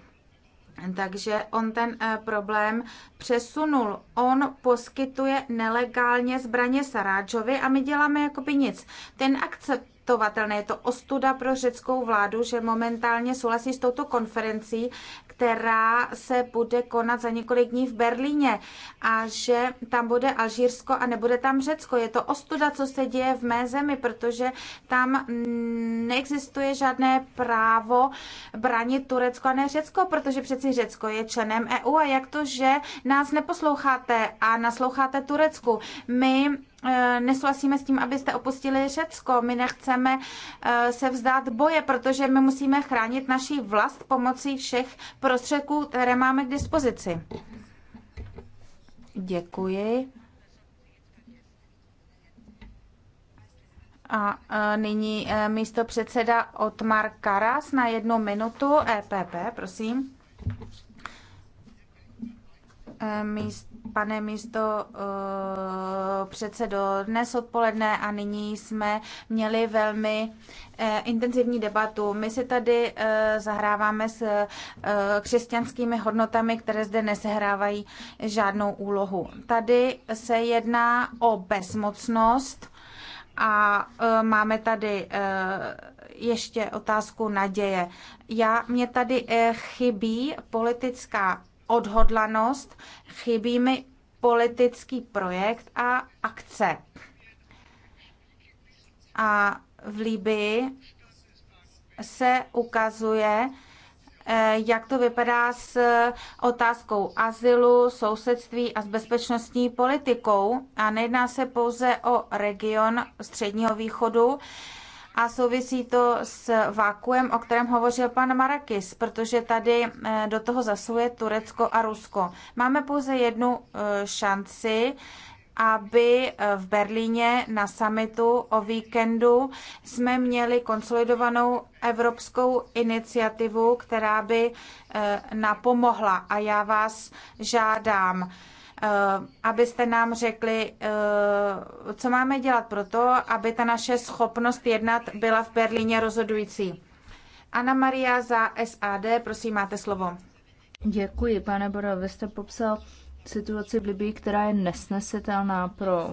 Takže on ten eh, problém přesunul. On poskytuje nelegálně zbraně Saráčovi a my děláme jakoby nic. Ten akceptovatelný Je to ostuda pro řeckou vládu, že momentálně souhlasí s touto konferencí která se bude konat za několik dní v Berlíně a že tam bude Alžírsko a nebude tam Řecko. Je to ostuda, co se děje v mé zemi, protože tam neexistuje žádné právo bránit Turecko a ne Řecko, protože přeci Řecko je členem EU a jak to, že nás neposloucháte a nasloucháte Turecku. My Eh, nesouhlasíme s tím, abyste opustili Řecko. My nechceme eh, se vzdát boje, protože my musíme chránit naši vlast pomocí všech prostředků, které máme k dispozici. Děkuji. A eh, nyní místo předseda Otmar Karas na jednu minutu EPP, prosím. Místo Pane místo eh, předsedo, dnes odpoledne a nyní jsme měli velmi eh, intenzivní debatu. My si tady eh, zahráváme s křesťanskými hodnotami, které zde nesehrávají žádnou úlohu. Tady se jedná o bezmocnost a máme tady ještě otázku naděje. Já, mě tady chybí politická odhodlanost, chybí mi politický projekt a akce. A v Libii se ukazuje, eh, jak to vypadá s otázkou azylu, sousedství a s bezpečnostní politikou. A nejedná se pouze o region Středního východu, a souvisí to s vákuem, o kterém hovořil pan Marakis, protože tady eh, do toho zasuje Turecko a Rusko. Máme pouze jednu eh, šanci, aby eh, v Berlíně na summitu o víkendu jsme měli konsolidovanou evropskou iniciativu, která by napomohla. A já vás žádám, Eh, abyste nám řekli, eh, co máme dělat pro to, aby ta naše schopnost jednat byla v Berlíně rozhodující. Ana Maria za SAD, prosím, máte slovo. Děkuji, pane Bora, vy jste popsal situaci v Libii, která je nesnesitelná pro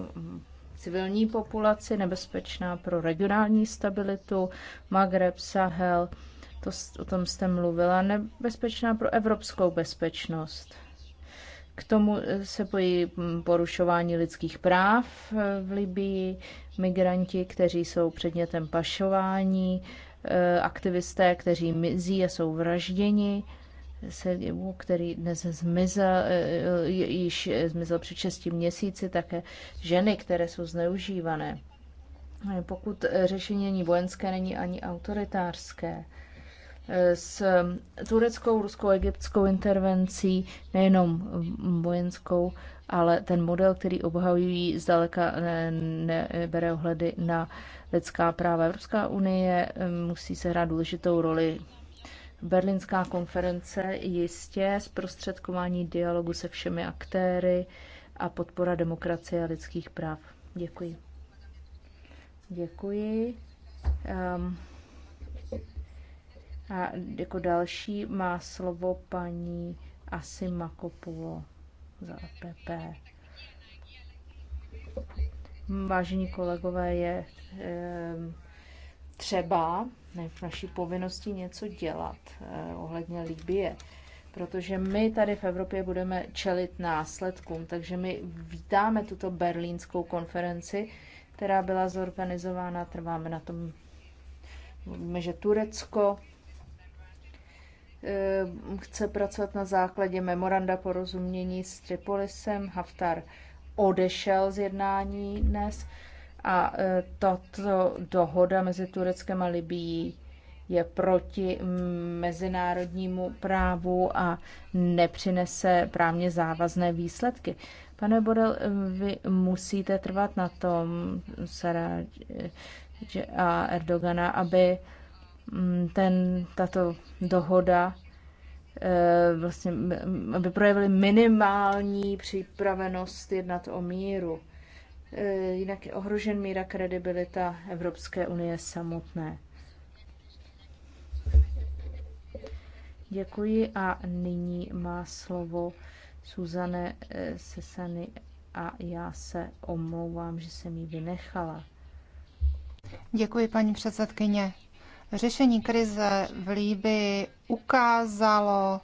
civilní populaci, nebezpečná pro regionální stabilitu, Magreb, Sahel, to, o tom jste mluvila, nebezpečná pro evropskou bezpečnost. K tomu se pojí hm, porušování lidských práv eh, v Libii, migranti, kteří jsou předmětem pašování, eh, aktivisté, kteří mizí a jsou vražděni, který dnes zmizel, eh, již zmizel před 6 měsíci, také ženy, které jsou zneužívané. Pokud řešení není vojenské, není ani autoritářské s tureckou, ruskou, egyptskou intervencí, nejenom vojenskou, ale ten model, který obhajují, zdaleka nebere ne, ohledy na lidská práva. Evropská unie eh, musí se hrát důležitou roli. Berlínská konference jistě zprostředkování dialogu se všemi aktéry a podpora demokracie a lidských práv. Děkuji. Děkuji. Um, a jako další má slovo paní Asi Makopulo za APP. E Vážení kolegové, je ehm, třeba ne, v naší povinnosti něco dělat eh, ohledně Libie, protože my tady v Evropě budeme čelit následkům, takže my vítáme tuto berlínskou konferenci, která byla zorganizována, trváme na tom, že Turecko Eh, chce pracovat na základě memoranda porozumění s Tripolisem. Haftar odešel z jednání dnes a eh, tato dohoda mezi Tureckem a Libií je proti mm, mezinárodnímu právu a nepřinese právně závazné výsledky. Pane Borel, eh, vy musíte trvat na tom Saraj a Erdogana, aby Mm, ten, tato dohoda eh, vlastně, aby projevili minimální připravenost jednat o míru. Eh, jinak je ohrožen míra kredibilita Evropské unie samotné. Děkuji a nyní má slovo Suzane eh, Sesany a já se omlouvám, že jsem ji vynechala. Děkuji, paní předsedkyně. Řešení krize v Líbii ukázalo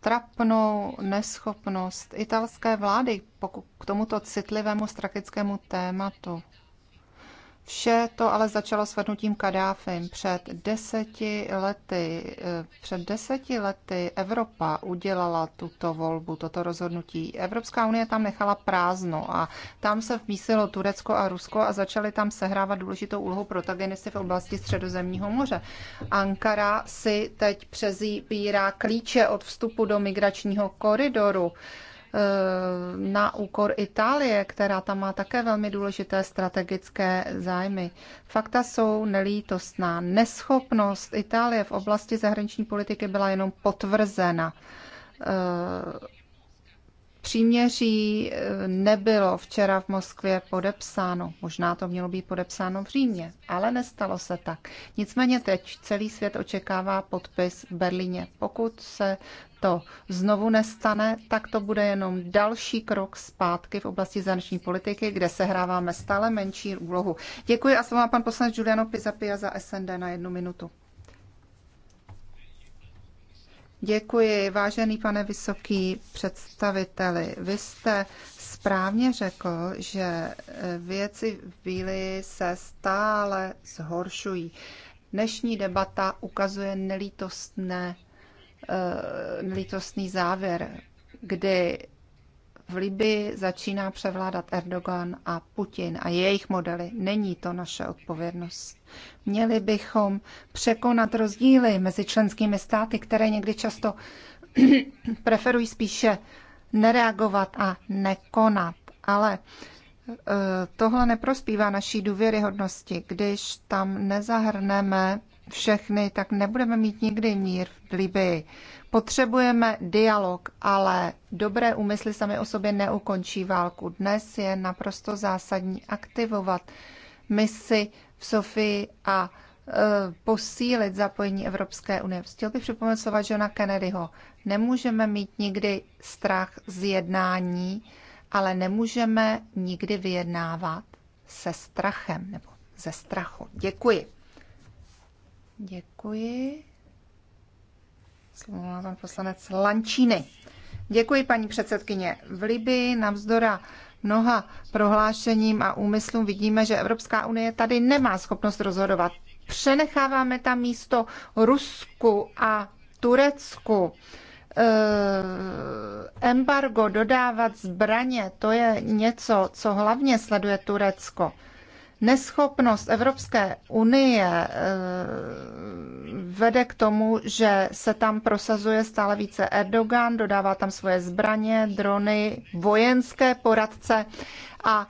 trapnou neschopnost italské vlády k tomuto citlivému strategickému tématu. Vše to ale začalo svrhnutím Kadáfim. Před deseti lety, eh, před deseti lety Evropa udělala tuto volbu, toto rozhodnutí. Evropská unie tam nechala prázdno a tam se vmísilo Turecko a Rusko a začaly tam sehrávat důležitou úlohu protagonisty v oblasti Středozemního moře. Ankara si teď přezíbírá klíče od vstupu do migračního koridoru na úkor Itálie, která tam má také velmi důležité strategické zájmy. Fakta jsou nelítostná. Neschopnost Itálie v oblasti zahraniční politiky byla jenom potvrzena eh, příměří eh, nebylo včera v Moskvě podepsáno. Možná to mělo být podepsáno v Římě, ale nestalo se tak. Nicméně teď celý svět očekává podpis v Berlíně. Pokud se to znovu nestane, tak to bude jenom další krok zpátky v oblasti zahraniční politiky, kde sehráváme stále menší úlohu. Děkuji a s pan poslanec Giuliano Pizapia za SND na jednu minutu. Děkuji, vážený pane vysoký představiteli. Vy jste správně řekl, že věci v Bíli se stále zhoršují. Dnešní debata ukazuje nelítostné nelítostný eh, závěr, kdy v Libii začíná převládat Erdogan a Putin a jejich modely. Není to naše odpovědnost. Měli bychom překonat rozdíly mezi členskými státy, které někdy často preferují spíše nereagovat a nekonat. Ale eh, tohle neprospívá naší důvěryhodnosti, když tam nezahrneme všechny, tak nebudeme mít nikdy mír v Libii. Potřebujeme dialog, ale dobré úmysly sami o sobě neukončí válku. Dnes je naprosto zásadní aktivovat misi v Sofii a e, posílit zapojení Evropské unie. Chtěl bych připomenout slova Johna Kennedyho. Nemůžeme mít nikdy strach z jednání, ale nemůžeme nikdy vyjednávat se strachem nebo ze strachu. Děkuji. Děkuji. Slovo má pan poslanec Lančíny. Děkuji, paní předsedkyně. V Libii navzdora mnoha prohlášením a úmyslům vidíme, že Evropská unie tady nemá schopnost rozhodovat. Přenecháváme tam místo Rusku a Turecku. Eh, embargo, dodávat zbraně, to je něco, co hlavně sleduje Turecko neschopnost Evropské unie eh, vede k tomu, že se tam prosazuje stále více Erdogan, dodává tam svoje zbraně, drony, vojenské poradce a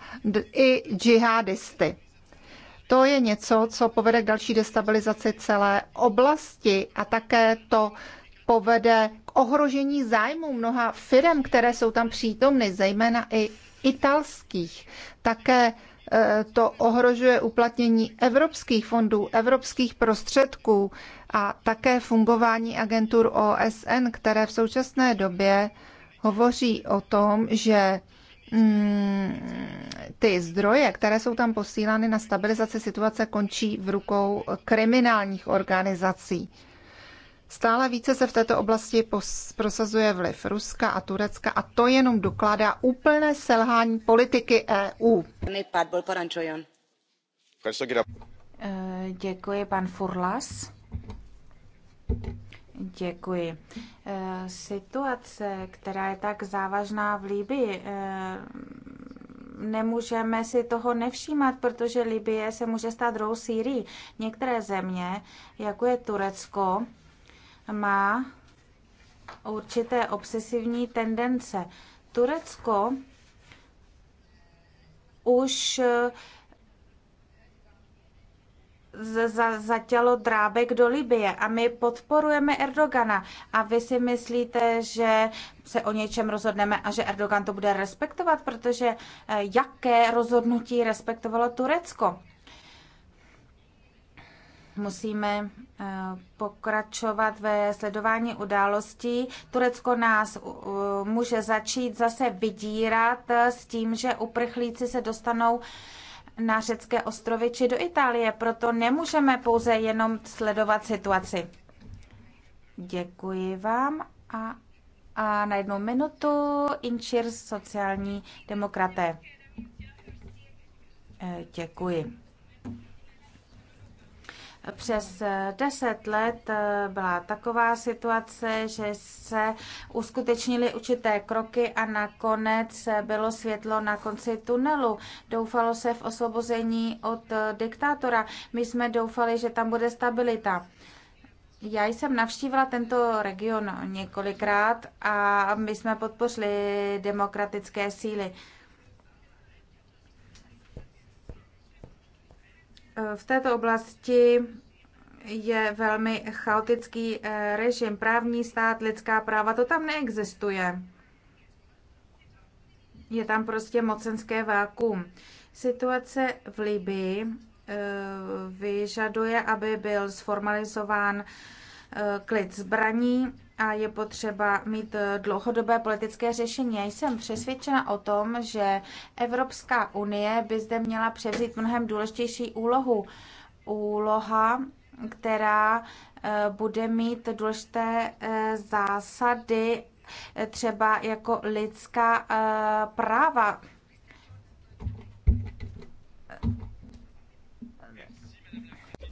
i džihadisty. To je něco, co povede k další destabilizaci celé oblasti a také to povede k ohrožení zájmu mnoha firm, které jsou tam přítomny, zejména i italských. Také E, to ohrožuje uplatnění evropských fondů, evropských prostředků a také fungování agentur OSN, které v současné době hovoří o tom, že mm, ty zdroje, které jsou tam posílány na stabilizaci situace, končí v rukou kriminálních organizací. Stále více se v této oblasti prosazuje vliv Ruska a Turecka a to jenom dokládá úplné selhání politiky EU. Eh, děkuji, pan Furlas. Děkuji. Eh, situace, která je tak závažná v Líbii, eh, nemůžeme si toho nevšímat, protože Libie se může stát druhou Sýrií. Některé země, jako je Turecko, má určité obsesivní tendence. Turecko už eh, za, zatělo drábek do Libie a my podporujeme Erdogana a vy si myslíte, že se o něčem rozhodneme a že Erdogan to bude respektovat, protože eh, jaké rozhodnutí respektovalo Turecko? musíme eh, pokračovat ve sledování událostí. Turecko nás může začít zase vydírat eh, s tím, že uprchlíci se dostanou na řecké ostrovy či do Itálie, proto nemůžeme pouze jenom sledovat situaci. Děkuji vám a, a na jednu minutu Inčir sociální demokraté. Eh, děkuji. Přes deset let eh, byla taková situace, že se uskutečnily určité kroky a nakonec bylo světlo na konci tunelu. Doufalo se v osvobození od eh, diktátora. My jsme doufali, že tam bude stabilita. Já jsem navštívila tento region několikrát a my jsme podpořili demokratické síly. V této oblasti je velmi chaotický eh, režim, právní stát, lidská práva, to tam neexistuje. Je tam prostě mocenské vákuum. Situace v Libii eh, vyžaduje, aby byl sformalizován Eh, klid zbraní a je potřeba mít eh, dlouhodobé politické řešení. Já jsem přesvědčena o tom, že Evropská unie by zde měla převzít mnohem důležitější úlohu. Úloha, která eh, bude mít důležité zásady třeba jako lidská práva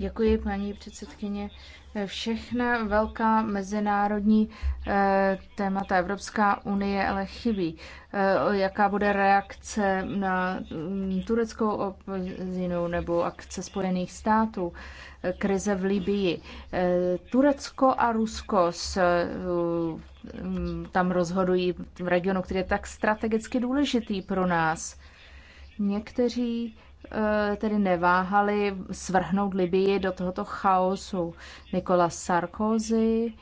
Děkuji, paní předsedkyně. Všechna velká mezinárodní eh, témata Evropská unie ale chybí. Eh, jaká bude reakce na mm, tureckou opozinu nebo akce Spojených států, eh, krize v Libii. Turecko a Rusko s, mm, tam rozhodují v regionu, který je tak strategicky důležitý pro nás. Někteří Eh, tedy neváhali svrhnout Libii do tohoto chaosu. Nikola Sarkozy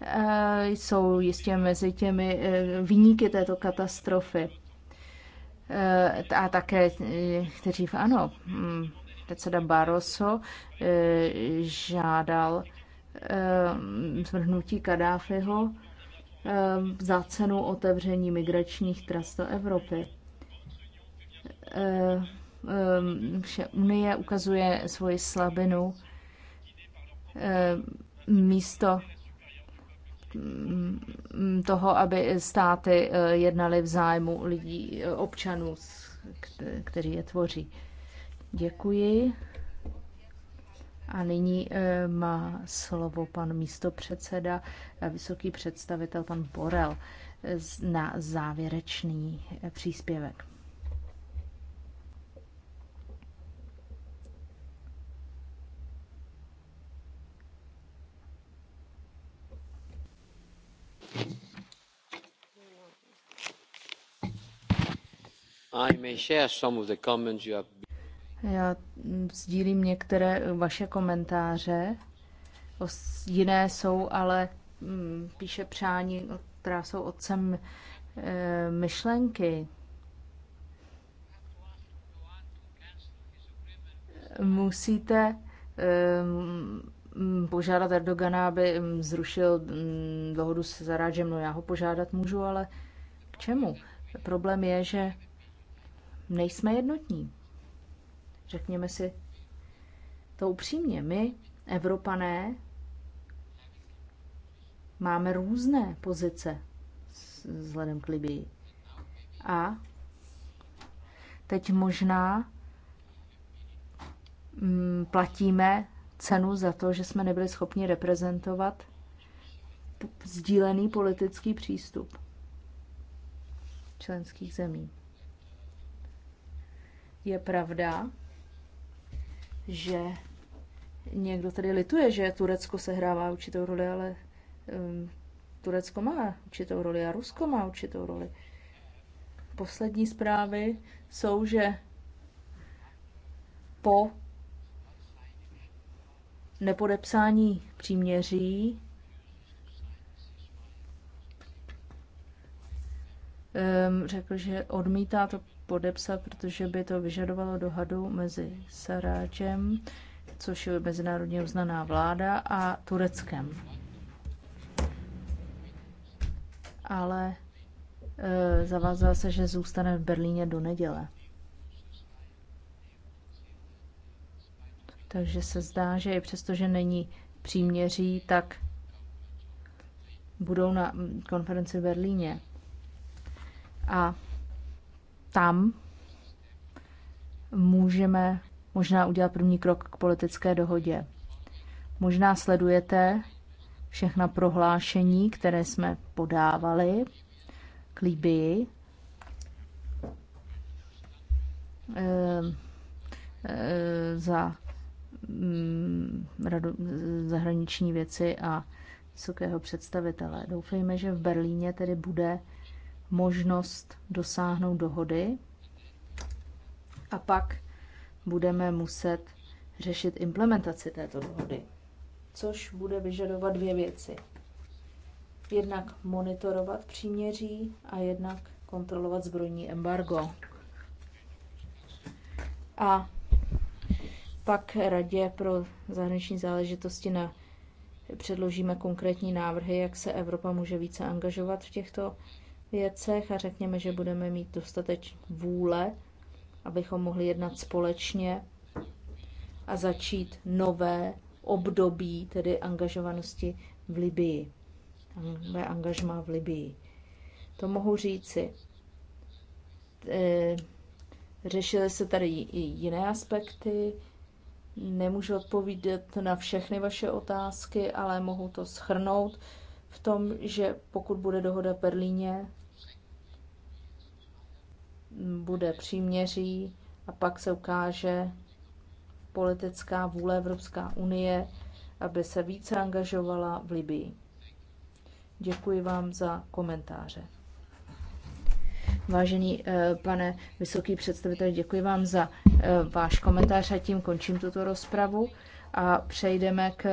eh, jsou jistě mezi těmi eh, výniky této katastrofy. A také, kteří ano, hm, předseda Barroso žádal zvrhnutí Kadáfiho za cenu otevření migračních tras do Evropy Ehm, vše Unie ukazuje svoji slabinu ehm, místo mm, toho, aby státy eh, jednaly v zájmu lidí, eh, občanů, který je tvoří. Děkuji. A nyní eh, má slovo pan místopředseda a vysoký představitel pan Borel na závěrečný příspěvek. Já sdílím některé vaše komentáře. Jiné jsou ale mm, píše přání, která jsou otcem e, myšlenky. Musíte eh, Mm, požádat Erdogana, aby mm, zrušil mm, dohodu s Zarážem. No já ho požádat můžu, ale k čemu? Problém je, že nejsme jednotní. Řekněme si to upřímně. My, Evropané, máme různé pozice vzhledem k Libii. A teď možná platíme cenu za to, že jsme nebyli schopni reprezentovat sdílený politický přístup členských zemí. Je pravda, že někdo tady lituje, že Turecko sehrává určitou roli, ale um, Turecko má určitou roli a Rusko má určitou roli. Poslední zprávy jsou, že po nepodepsání příměří řekl, že odmítá to podepsat, protože by to vyžadovalo dohadu mezi Saráčem, což je mezinárodně uznaná vláda, a Tureckem. Ale eh, zavázal se, že zůstane v Berlíně do neděle. Takže se zdá, že i přesto, že není příměří, tak budou na konferenci v Berlíně. A tam můžeme možná udělat první krok k politické dohodě. Možná sledujete všechna prohlášení, které jsme podávali k Libii. Ehm, e, za Mm, radu, zahraniční věci a vysokého představitele. Doufejme, že v Berlíně tedy bude možnost dosáhnout dohody a pak budeme muset řešit implementaci této dohody, což bude vyžadovat dvě věci. Jednak monitorovat příměří a jednak kontrolovat zbrojní embargo. A pak Radě pro zahraniční záležitosti na, předložíme konkrétní návrhy, jak se Evropa může více angažovat v těchto věcech a řekněme, že budeme mít dostateč vůle, abychom mohli jednat společně a začít nové období, tedy angažovanosti v Libii. Nové angažma v Libii. To mohu říci. Eh, řešily se tady i jiné aspekty, Nemůžu odpovídat na všechny vaše otázky, ale mohu to schrnout v tom, že pokud bude dohoda v Berlíně, bude příměří a pak se ukáže politická vůle Evropská unie, aby se více angažovala v Libii. Děkuji vám za komentáře. Vážený eh, pane vysoký představitel, děkuji vám za eh, váš komentář a tím končím tuto rozpravu a přejdeme k